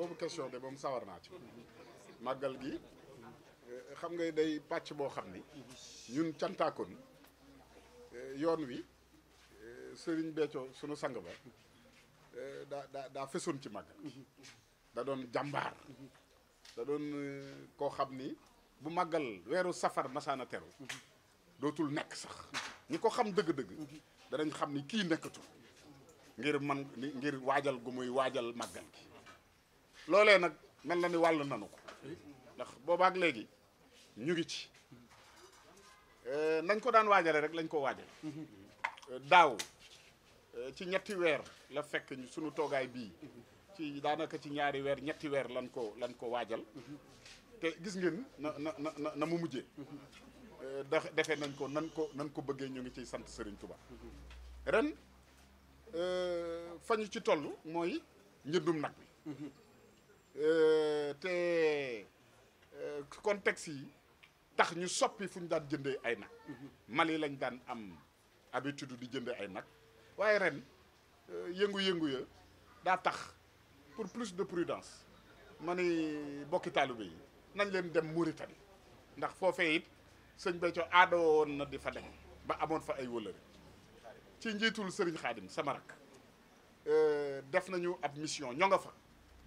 boobu question de moom sawar naa ci màggal gi eh, xam nga day pàcc boo xam ni ñun cantaakoon eh, yoon wi eh, sëriñ Béthio sunu sang ba da daa daa fesoon ci màggal da doon jàmbaar da doon koo xam ni bu màggal weeru safar masaana teru dootul nekk sax ñi ko xam dëgg-dëgg danañ xam ni kii nekkatu ngir man ngir waajal gu muy waajal màggal gi loolee nag mel na ni wàll nanu ko ndax boobaak léegi ñu ngi ci eh, nañ ko daan waajale rek lañ ko waajale eh, daaw eh, ci ñetti weer la fekk sunu toogaay bii ci daanaka ci ñaari weer ñetti weer lañ ko lañ ko waajal te gis ngeen na na na na mu mujjee da defee nañ ko nan ko nan ko bëggee ñu ngi ciy sant sëriñ Touba ren fañu ci toll mooy njëndum nag bi Euh, te euh, contexte yi tax ñu soppi fu ñu daan jëndee ay nag mhm. mal yi lañ daan am habitude di jëndee ay nag waaye ren euh, yëngu-yëngu ya daa tax pour plus de prudence ma ni bokki taalibe yi nañ leen dem Mauritanie ndax foofee it sëñ Béthio aada na di fa dem ba amoon fa ay wëlëri ci njiitul sëriñ Xaadim sama rak def nañu ab mission ñoo nga fa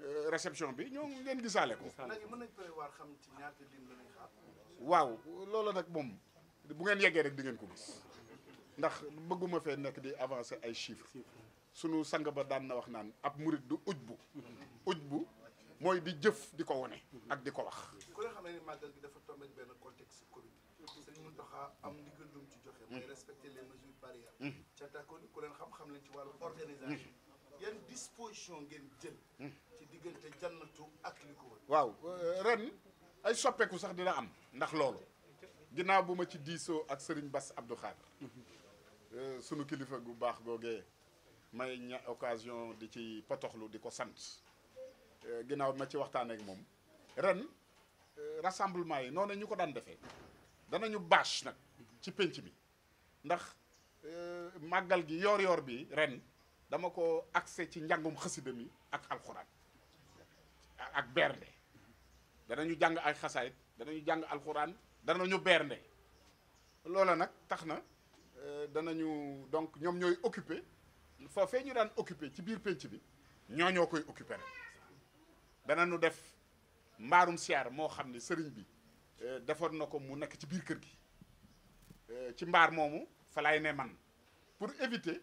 Euh, réception bi ñoo ngeen gisaale ko. léegi mën nañ prévoir xam ci ñaata lim la ñuy xaar. waaw loolu nag moom bu ngeen yeggee rek di ngeen ko gis ndax bëgguma fee nekk di avancer ay chiffres sunu sang ba daan na wax naan ab murit du uj bu uj bu mooy di jëf di ko wone ak di ko wax. ku nga xam ne màggal gi dafa tombé benn contexte Covid. sëñ Mountakha am ndigal lu mu ci joxe. mooy respecter les mesures barrières. ca tàkkoon ku leen xam-xam ci wàllu organisation. disposition ngeen jël. Hmm. ci diggante jannatu ak ko waaw euh, ren ay soppeeku sax dina am ndax loolu ginnaaw bu ma ci diisoo ak Serigne Bass Abdou Khadre euh, sunu kilifa gu baax googee may ña occasion di ci potoxlu di ko sant euh, ginnaaw ma ci waxtaan ak moom ren rassemblement yi noonu ñu ko daan defee danañu bâche nag ci pénc mi ndax màggal gi yoor-yoor bi ren. dama ko accès ci njàngum xasida mi ak alxuraan ak bernde danañu jàng ay xasaayit danañu jàng alxuraan ñu bernde loola nag tax na euh, danañu donc ñoom ñooy occupé foofee ñu daan occupé ci biir pénc bi ñoo ñoo koy occupé rek danañu def mbaarum siyaar moo xam ne sëriñ bi euh, defoon na ko mu nekk ci biir kër gi euh, ci mbaar moomu fa ne man pour éviter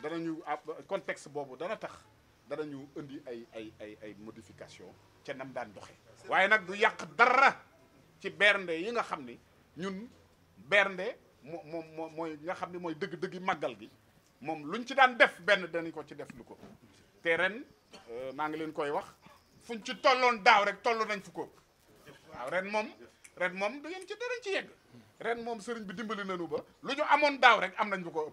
danañu contexte bobo, dana tax danañu indi ay ay ay ay modification ca nam daan doxe waaye nag du dara ci bernde yi nga xam ñun bernde moo moom mooy nga xam ni mooy dëgg-dëggi gi luñ ci daan def benn danañ ko ci def luko, ko te ren euh, maa ngi leen koy wax fuñ ci tolloon daaw rek toll nañ fu ko waaw ren mom ren mom du ngeen ci darañ ci yegg ren mom sëriñ bi dimbali nañu ba lu ñu amoon rek am nañ ko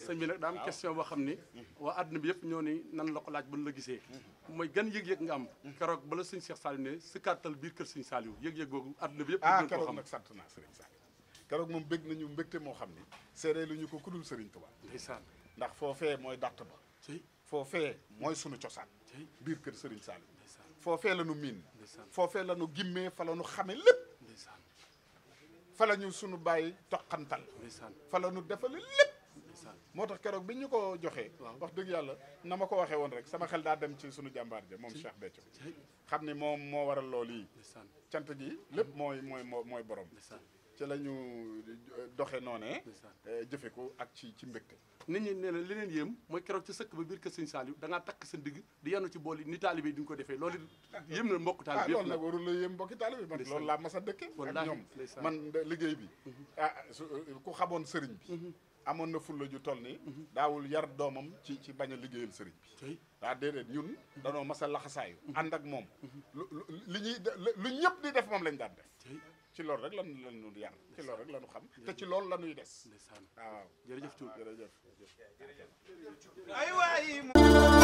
sëñ bi nag daa am question boo xam ni waa àdduna bi yëpp ñoo ni nan la ko laaj ban la gisee mooy gan yëg-yëg nga am keroog bala sëñ Cheikh Saliou ne si kàttal biir kër sëñ Saliou yëg-yëg googu àdduna bi yëpp ah keroog nag sant naa sëriñ Saliou moom bég nañu mbégte moo xam ne seeree lu ñu ko kudul sëriñ Tuubaa ndeysaan ndax foofee mooy dàtt ba foofee mooy sunu cosaan biir kër sëriñ Saliou foofee la nu miin foofee la nu gimmee fa la nu xame lépp fa la ñu sunu bàyyi toqantal fa la nu defale moo tax keroog bi ñu ko joxee wax dëgg yàlla na ma ko waxee woon rek sama xel daa dem ci suñu jàmbaar ja moom Cheikh Béthio xam ni moom moo waral loolu yi cant gi lépp mooy mooy mooy borom ci la ñu eh, doxe noonee eh, jëfe ko ak ci ci mbégte nit ñi nee na li leen yéem mooy keroog ci sëkk ba biir kër sëñ Saliou da ngaa takk sa digg di yanu ci bool yi ni taalibe di ñu ko defee loolu yéem na mbokk taalibe yëpp ah, nag warul la yéem mbokki taalibe man loolu laa mas a dëkke ak ñoom man liggéey bi mhm. ah eh, ku xamoon sëriñ amoon na fulla ju toll ni mhm. daawul yar doomam ci ci bañ a liggéeyal sëriñ bi daa déedéet ñun mhm. danoo mas a laxasaayu mhm. ànd ak moom lu li ñuy lu ñëpp di def moom lañ daan def ci loolu rek lanu lanu yar ci loolu rek lanu xam te ci loolu lanuy des waaw jërëjëf tuub jërëjëf ay waay